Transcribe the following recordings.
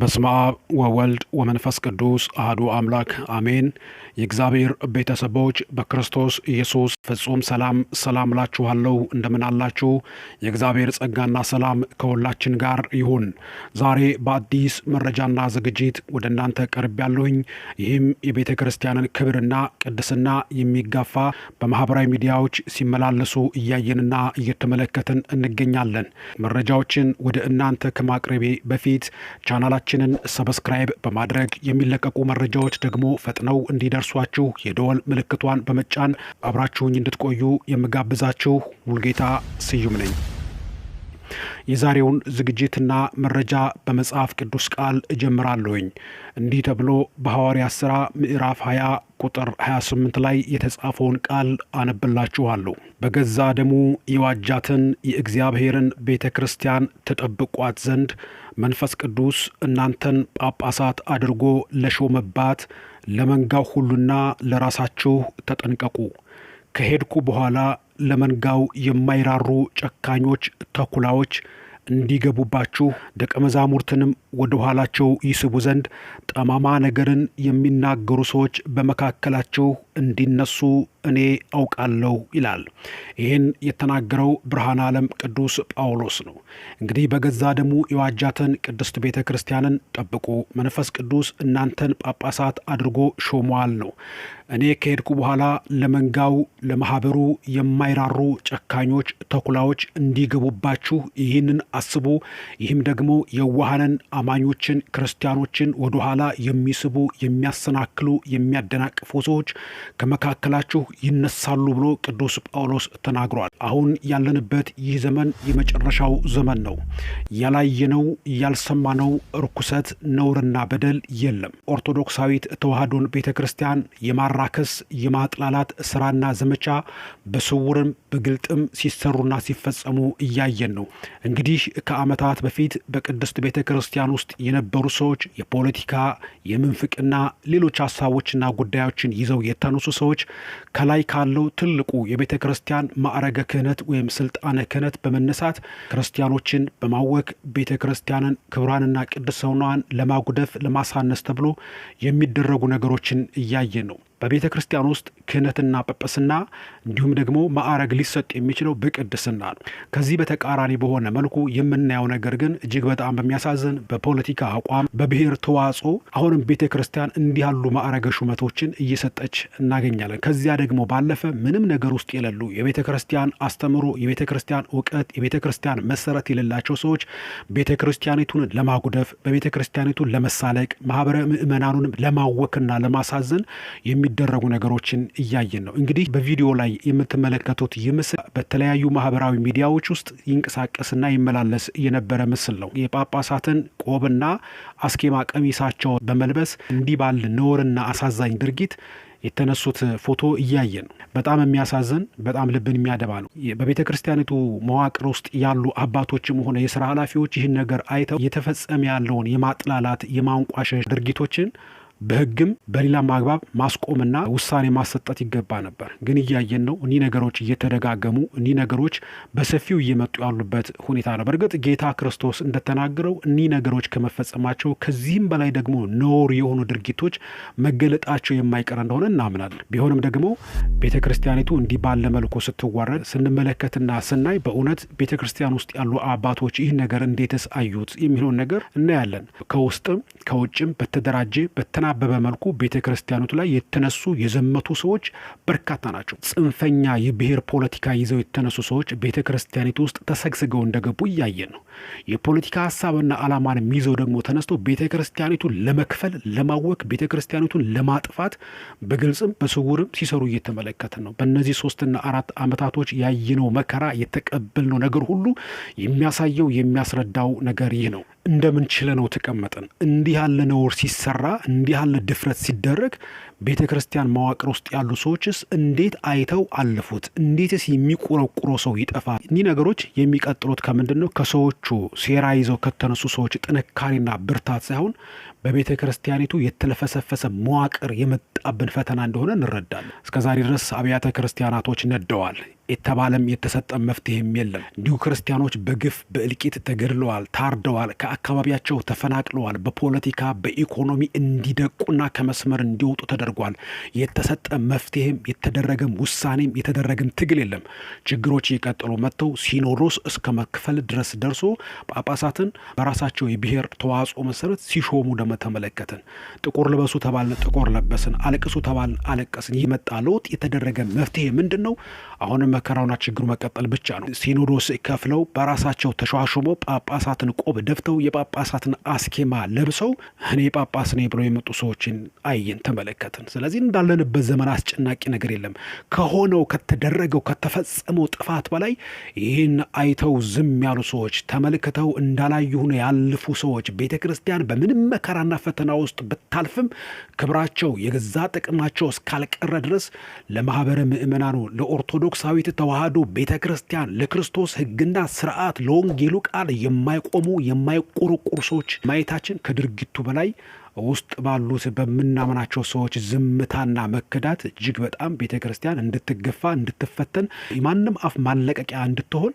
በስመ አብ ወወልድ ወመንፈስ ቅዱስ አህዱ አምላክ አሜን። የእግዚአብሔር ቤተሰቦች በክርስቶስ ኢየሱስ ፍጹም ሰላም ሰላም ላችኋለሁ። እንደምን አላችሁ? የእግዚአብሔር ጸጋና ሰላም ከሁላችን ጋር ይሁን። ዛሬ በአዲስ መረጃና ዝግጅት ወደ እናንተ ቀርብ ያለሁኝ ይህም የቤተ ክርስቲያንን ክብርና ቅድስና የሚጋፋ በማህበራዊ ሚዲያዎች ሲመላለሱ እያየንና እየተመለከትን እንገኛለን። መረጃዎችን ወደ እናንተ ከማቅረቤ በፊት ቻናላ ቻናላችንን ሰብስክራይብ በማድረግ የሚለቀቁ መረጃዎች ደግሞ ፈጥነው እንዲደርሷችሁ የደወል ምልክቷን በመጫን አብራችሁኝ እንድትቆዩ የምጋብዛችሁ ሙልጌታ ስዩም ነኝ። የዛሬውን ዝግጅትና መረጃ በመጽሐፍ ቅዱስ ቃል እጀምራለሁኝ። እንዲህ ተብሎ በሐዋርያት ሥራ ምዕራፍ 20 ቁጥር 28 ላይ የተጻፈውን ቃል አነብላችኋለሁ። በገዛ ደሙ የዋጃትን የእግዚአብሔርን ቤተ ክርስቲያን ተጠብቋት ዘንድ መንፈስ ቅዱስ እናንተን ጳጳሳት አድርጎ ለሾመባት ለመንጋው ሁሉና ለራሳችሁ ተጠንቀቁ። ከሄድኩ በኋላ ለመንጋው የማይራሩ ጨካኞች ተኩላዎች እንዲገቡባችሁ ደቀ መዛሙርትንም ወደ ኋላቸው ይስቡ ዘንድ ጠማማ ነገርን የሚናገሩ ሰዎች በመካከላችሁ እንዲነሱ እኔ አውቃለሁ ይላል። ይህን የተናገረው ብርሃን ዓለም ቅዱስ ጳውሎስ ነው። እንግዲህ በገዛ ደሙ የዋጃትን ቅድስት ቤተ ክርስቲያንን ጠብቁ፣ መንፈስ ቅዱስ እናንተን ጳጳሳት አድርጎ ሾሟል ነው። እኔ ከሄድኩ በኋላ ለመንጋው ለማህበሩ የማይራሩ ጨካኞች ተኩላዎች እንዲገቡባችሁ ይህንን አስቡ። ይህም ደግሞ የዋሃንን አማኞችን ክርስቲያኖችን ወደኋላ የሚስቡ የሚያሰናክሉ የሚያደናቅፉ ሰዎች ከመካከላችሁ ይነሳሉ ብሎ ቅዱስ ጳውሎስ ተናግሯል። አሁን ያለንበት ይህ ዘመን የመጨረሻው ዘመን ነው። ያላየነው ያልሰማነው ርኩሰት፣ ነውርና በደል የለም። ኦርቶዶክሳዊት ተዋህዶን ቤተ ክርስቲያን የማራከስ የማጥላላት ስራና ዘመቻ በስውርም በግልጥም ሲሰሩና ሲፈጸሙ እያየን ነው። እንግዲህ ከዓመታት በፊት በቅድስት ቤተ ክርስቲያን ውስጥ የነበሩ ሰዎች የፖለቲካ የምንፍቅና ሌሎች ሀሳቦችና ጉዳዮችን ይዘው የተ የሚያነሱ ሰዎች ከላይ ካለው ትልቁ የቤተ ክርስቲያን ማዕረገ ክህነት ወይም ስልጣነ ክህነት በመነሳት ክርስቲያኖችን በማወክ ቤተ ክርስቲያንን ክብሯንና ቅድስናዋን ለማጉደፍ ለማሳነስ ተብሎ የሚደረጉ ነገሮችን እያየ ነው። በቤተ ክርስቲያን ውስጥ ክህነትና ጵጵስና እንዲሁም ደግሞ ማዕረግ ሊሰጥ የሚችለው በቅድስና ነው። ከዚህ በተቃራኒ በሆነ መልኩ የምናየው ነገር ግን እጅግ በጣም በሚያሳዝን በፖለቲካ አቋም፣ በብሔር ተዋጽኦ አሁንም ቤተ ክርስቲያን እንዲህ ያሉ ማዕረገ ሹመቶችን እየሰጠች እናገኛለን። ከዚያ ደግሞ ባለፈ ምንም ነገር ውስጥ የሌሉ የቤተ ክርስቲያን አስተምሮ፣ የቤተ ክርስቲያን እውቀት፣ የቤተ ክርስቲያን መሰረት የሌላቸው ሰዎች ቤተ ክርስቲያኒቱን ለማጉደፍ በቤተ ክርስቲያኒቱን ለመሳለቅ ማህበረ ምእመናኑንም ለማወክና ለማሳዘን የሚ የሚደረጉ ነገሮችን እያየን ነው። እንግዲህ በቪዲዮ ላይ የምትመለከቱት ይህ ምስል በተለያዩ ማህበራዊ ሚዲያዎች ውስጥ ይንቀሳቀስና ይመላለስ የነበረ ምስል ነው። የጳጳሳትን ቆብና አስኬማ ቀሚሳቸው በመልበስ እንዲህ ባለ ነውርና አሳዛኝ ድርጊት የተነሱት ፎቶ እያየን በጣም የሚያሳዝን በጣም ልብን የሚያደባ ነው። በቤተ ክርስቲያኒቱ መዋቅር ውስጥ ያሉ አባቶችም ሆነ የስራ ኃላፊዎች ይህን ነገር አይተው እየተፈጸመ ያለውን የማጥላላት የማንቋሸሽ ድርጊቶችን በህግም በሌላም አግባብ ማስቆምና ውሳኔ ማሰጠት ይገባ ነበር። ግን እያየን ነው። እኒህ ነገሮች እየተደጋገሙ እኒህ ነገሮች በሰፊው እየመጡ ያሉበት ሁኔታ ነው። በእርግጥ ጌታ ክርስቶስ እንደተናገረው እኒህ ነገሮች ከመፈጸማቸው ከዚህም በላይ ደግሞ ነውር የሆኑ ድርጊቶች መገለጣቸው የማይቀር እንደሆነ እናምናለን። ቢሆንም ደግሞ ቤተ ክርስቲያኒቱ እንዲህ ባለ መልኩ ስትዋረድ ስንመለከትና ስናይ በእውነት ቤተ ክርስቲያን ውስጥ ያሉ አባቶች ይህ ነገር እንዴትስ አዩት የሚለውን ነገር እናያለን። ከውስጥም ከውጭም በተደራጀ በተና በተናበበ መልኩ ቤተ ክርስቲያኖቱ ላይ የተነሱ የዘመቱ ሰዎች በርካታ ናቸው። ጽንፈኛ የብሔር ፖለቲካ ይዘው የተነሱ ሰዎች ቤተ ክርስቲያኒቱ ውስጥ ተሰግስገው እንደገቡ እያየን ነው። የፖለቲካ ሀሳብና ዓላማንም ይዘው ደግሞ ተነስተው ቤተ ክርስቲያኒቱን ለመክፈል፣ ለማወክ፣ ቤተ ክርስቲያኒቱን ለማጥፋት በግልጽም በስውርም ሲሰሩ እየተመለከትን ነው። በእነዚህ ሶስትና አራት ዓመታቶች ያየነው መከራ የተቀበልነው ነገር ሁሉ የሚያሳየው የሚያስረዳው ነገር ይህ ነው። ችለ ነው ተቀመጠን። እንዲህ ያለ ነውር ሲሰራ፣ እንዲህ ያለ ድፍረት ሲደረግ ቤተ ክርስቲያን መዋቅር ውስጥ ያሉ ሰዎችስ እንዴት አይተው አለፉት? እንዴትስ የሚቆረቁሮ ሰው ይጠፋል? እኒህ ነገሮች የሚቀጥሉት ከምንድን ነው? ከሰዎቹ ሴራ ይዘው ከተነሱ ሰዎች ጥንካሬና ብርታት ሳይሆን በቤተ ክርስቲያኒቱ የተለፈሰፈሰ መዋቅር የመጣብን ፈተና እንደሆነ እንረዳለን። እስከዛሬ ድረስ አብያተ ክርስቲያናቶች ነደዋል። የተባለም የተሰጠ መፍትሄም የለም። እንዲሁ ክርስቲያኖች በግፍ በእልቂት ተገድለዋል፣ ታርደዋል፣ ከአካባቢያቸው ተፈናቅለዋል፣ በፖለቲካ በኢኮኖሚ እንዲደቁና ከመስመር እንዲወጡ ተደርጓል። የተሰጠ መፍትሄም የተደረገም ውሳኔም የተደረገም ትግል የለም። ችግሮች እየቀጠሉ መጥተው ሲኖዶስ እስከ መክፈል ድረስ ደርሶ ጳጳሳትን በራሳቸው የብሔር ተዋጽኦ መሰረት ሲሾሙ ደመ ተመለከትን። ጥቁር ልበሱ ተባልን፣ ጥቁር ለበስን። አለቅሱ ተባልን፣ አለቀስን። ይመጣ ለውጥ የተደረገ መፍትሄ ምንድን ነው? አሁንም መከራውና ችግሩ መቀጠል ብቻ ነው። ሲኖዶስ ከፍለው በራሳቸው ተሿሹሞ ጳጳሳትን ቆብ ደፍተው የጳጳሳትን አስኬማ ለብሰው እኔ ጳጳስ ነኝ ብለው የመጡ ሰዎችን አየን፣ ተመለከትን። ስለዚህ እንዳለንበት ዘመን አስጨናቂ ነገር የለም። ከሆነው ከተደረገው ከተፈጸመው ጥፋት በላይ ይህን አይተው ዝም ያሉ ሰዎች፣ ተመልክተው እንዳላዩ ሆነ ያለፉ ሰዎች ቤተ ክርስቲያን በምንም መከራና ፈተና ውስጥ ብታልፍም ክብራቸው የገዛ ጥቅማቸው እስካልቀረ ድረስ ለማህበረ ምእመናኑ ለኦርቶዶክሳዊ የኦሪት ተዋህዶ ቤተ ክርስቲያን ለክርስቶስ ህግና ስርዓት ለወንጌሉ ቃል የማይቆሙ የማይቆረቆሩ ሰዎች ማየታችን ከድርጊቱ በላይ ውስጥ ባሉት በምናምናቸው ሰዎች ዝምታና መከዳት እጅግ በጣም ቤተ ክርስቲያን እንድትገፋ እንድትፈተን የማንም አፍ ማለቀቂያ እንድትሆን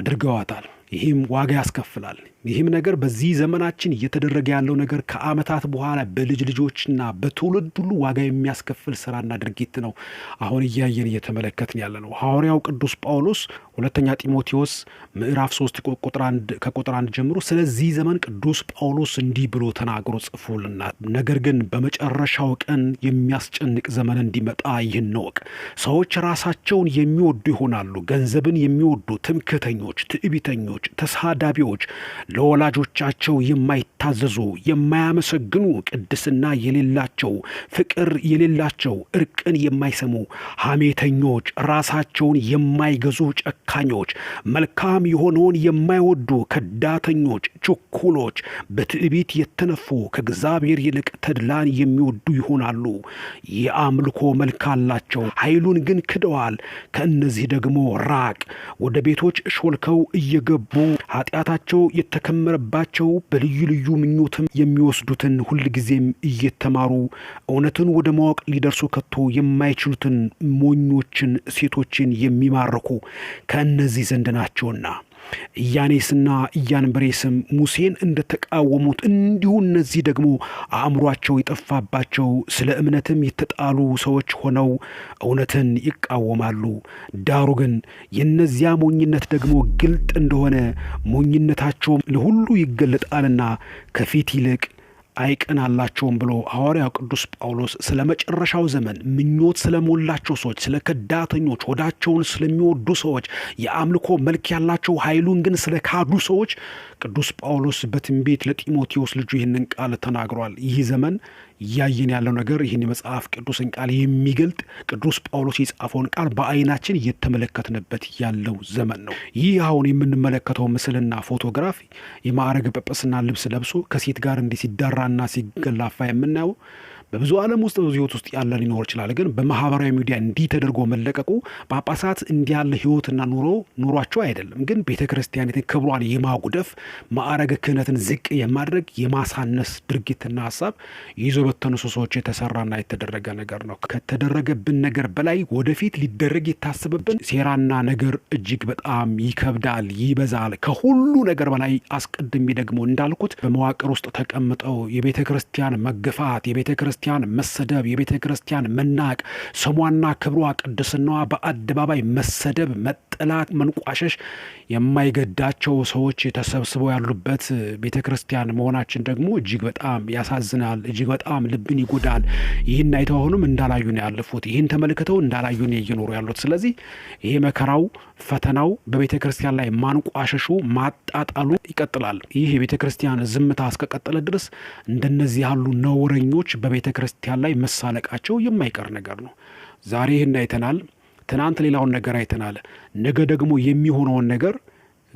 አድርገዋታል። ይህም ዋጋ ያስከፍላል። ይህም ነገር በዚህ ዘመናችን እየተደረገ ያለው ነገር ከዓመታት በኋላ በልጅ ልጆችና በትውልድ ሁሉ ዋጋ የሚያስከፍል ስራና ድርጊት ነው አሁን እያየን እየተመለከትን ያለ ነው። ሐዋርያው ቅዱስ ጳውሎስ ሁለተኛ ጢሞቴዎስ ምዕራፍ 3 ከቁጥር አንድ ጀምሮ ስለዚህ ዘመን ቅዱስ ጳውሎስ እንዲህ ብሎ ተናግሮ ጽፎልናል። ነገር ግን በመጨረሻው ቀን የሚያስጨንቅ ዘመን እንዲመጣ ይህን እንወቅ። ሰዎች ራሳቸውን የሚወዱ ይሆናሉ፣ ገንዘብን የሚወዱ፣ ትምክተኞች ትዕቢተኞች ሰዎች፣ ተሳዳቢዎች፣ ለወላጆቻቸው የማይታዘዙ የማያመሰግኑ፣ ቅድስና የሌላቸው፣ ፍቅር የሌላቸው፣ እርቅን የማይሰሙ ሐሜተኞች፣ ራሳቸውን የማይገዙ ጨካኞች፣ መልካም የሆነውን የማይወዱ ከዳተኞች፣ ችኩሎች፣ በትዕቢት የተነፉ ከእግዚአብሔር ይልቅ ተድላን የሚወዱ ይሆናሉ። የአምልኮ መልክ አላቸው፣ ኃይሉን ግን ክደዋል። ከእነዚህ ደግሞ ራቅ። ወደ ቤቶች ሾልከው እየገቡ የገቡ ኃጢአታቸው የተከመረባቸው በልዩ ልዩ ምኞትም የሚወስዱትን ሁልጊዜም እየተማሩ እውነትን ወደ ማወቅ ሊደርሱ ከቶ የማይችሉትን ሞኞችን ሴቶችን የሚማርኩ ከእነዚህ ዘንድ ናቸውና እያኔስና እያንብሬስም ሙሴን እንደተቃወሙት እንዲሁ እነዚህ ደግሞ አእምሯቸው የጠፋባቸው ስለ እምነትም የተጣሉ ሰዎች ሆነው እውነትን ይቃወማሉ። ዳሩ ግን የእነዚያ ሞኝነት ደግሞ ግልጥ እንደሆነ ሞኝነታቸውም ለሁሉ ይገለጣልና ከፊት ይልቅ አይቀናላቸውም ብሎ ሐዋርያው ቅዱስ ጳውሎስ ስለ መጨረሻው ዘመን ምኞት ስለሞላቸው ሰዎች፣ ስለ ከዳተኞች፣ ወዳቸውን ስለሚወዱ ሰዎች፣ የአምልኮ መልክ ያላቸው ኃይሉን ግን ስለ ካዱ ሰዎች ቅዱስ ጳውሎስ በትንቢት ለጢሞቴዎስ ልጁ ይህንን ቃል ተናግሯል። ይህ ዘመን እያየን ያለው ነገር ይህን የመጽሐፍ ቅዱስን ቃል የሚገልጥ ቅዱስ ጳውሎስ የጻፈውን ቃል በአይናችን እየተመለከትንበት ያለው ዘመን ነው። ይህ አሁን የምንመለከተው ምስልና ፎቶግራፍ የማዕረግ ጵጵስና ልብስ ለብሶ ከሴት ጋር እንዲህ ሲዳራና ሲገላፋ የምናየው በብዙ ዓለም ውስጥ በብዙ ህይወት ውስጥ ያለ ሊኖር ይችላል። ግን በማህበራዊ ሚዲያ እንዲህ ተደርጎ መለቀቁ ጳጳሳት እንዲያለ ህይወትና ኑሮ ኑሯቸው አይደለም። ግን ቤተ ክርስቲያኒትን ክብሯን የማጉደፍ ማዕረግ ክህነትን ዝቅ የማድረግ የማሳነስ ድርጊትና ሀሳብ ይዞ በተነሱ ሰዎች የተሰራና የተደረገ ነገር ነው። ከተደረገብን ነገር በላይ ወደፊት ሊደረግ የታሰበብን ሴራና ነገር እጅግ በጣም ይከብዳል፣ ይበዛል። ከሁሉ ነገር በላይ አስቀድሜ ደግሞ እንዳልኩት በመዋቅር ውስጥ ተቀምጠው የቤተ ክርስቲያን መገፋት የቤተ ክርስቲያን ክርስቲያን መሰደብ፣ የቤተ ክርስቲያን መናቅ፣ ስሟና ክብሯ ቅድስናዋ በአደባባይ መሰደብ፣ መጠላት፣ መንቋሸሽ የማይገዳቸው ሰዎች ተሰብስበው ያሉበት ቤተ ክርስቲያን መሆናችን ደግሞ እጅግ በጣም ያሳዝናል፣ እጅግ በጣም ልብን ይጎዳል። ይህን አይተሆኑም እንዳላዩ ነው ያለፉት። ይህን ተመልክተው እንዳላዩ ነው እየኖሩ ያሉት። ስለዚህ ይሄ መከራው ፈተናው በቤተ ክርስቲያን ላይ ማንቋሸሹ ማጣጣሉ ይቀጥላል። ይህ የቤተ ክርስቲያን ዝምታ እስከቀጠለ ድረስ እንደነዚህ ያሉ ነውረኞች በቤተ ክርስቲያን ላይ መሳለቃቸው የማይቀር ነገር ነው። ዛሬ ይህን አይተናል፣ ትናንት ሌላውን ነገር አይተናል። ነገ ደግሞ የሚሆነውን ነገር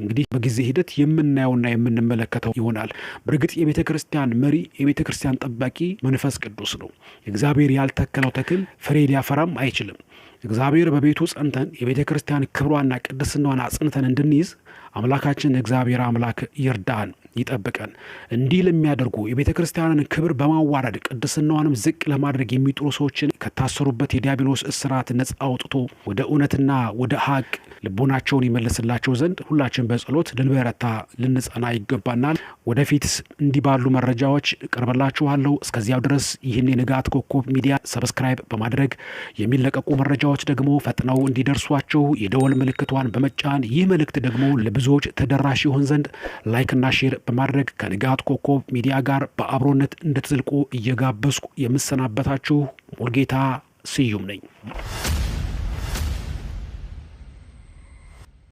እንግዲህ በጊዜ ሂደት የምናየውና የምንመለከተው ይሆናል። በእርግጥ የቤተ ክርስቲያን መሪ፣ የቤተ ክርስቲያን ጠባቂ መንፈስ ቅዱስ ነው። እግዚአብሔር ያልተከለው ተክል ፍሬ ሊያፈራም አይችልም። እግዚአብሔር በቤቱ ጸንተን የቤተ ክርስቲያን ክብሯና ቅድስናዋን አጽንተን እንድንይዝ አምላካችን እግዚአብሔር አምላክ ይርዳን። ይጠብቀን። እንዲህ ለሚያደርጉ የቤተ ክርስቲያንን ክብር በማዋረድ ቅድስናዋንም ዝቅ ለማድረግ የሚጥሩ ሰዎችን ከታሰሩበት የዲያብሎስ እስራት ነጻ አውጥቶ ወደ እውነትና ወደ ሀቅ ልቦናቸውን ይመልስላቸው ዘንድ ሁላችን በጸሎት ልንበረታ ልንጸና ይገባናል። ወደፊት እንዲህ ባሉ መረጃዎች ቀርበላችኋለሁ። እስከዚያው ድረስ ይህን የንጋት ኮከብ ሚዲያ ሰብስክራይብ በማድረግ የሚለቀቁ መረጃዎች ደግሞ ፈጥነው እንዲደርሷቸው የደወል ምልክቷን በመጫን ይህ መልእክት ደግሞ ለብዙዎች ተደራሽ ይሆን ዘንድ ላይክና ሼር በማድረግ ከንጋት ኮከብ ሚዲያ ጋር በአብሮነት እንድትዘልቁ እየጋበዝኩ የምሰናበታችሁ ሙልጌታ ስዩም ነኝ።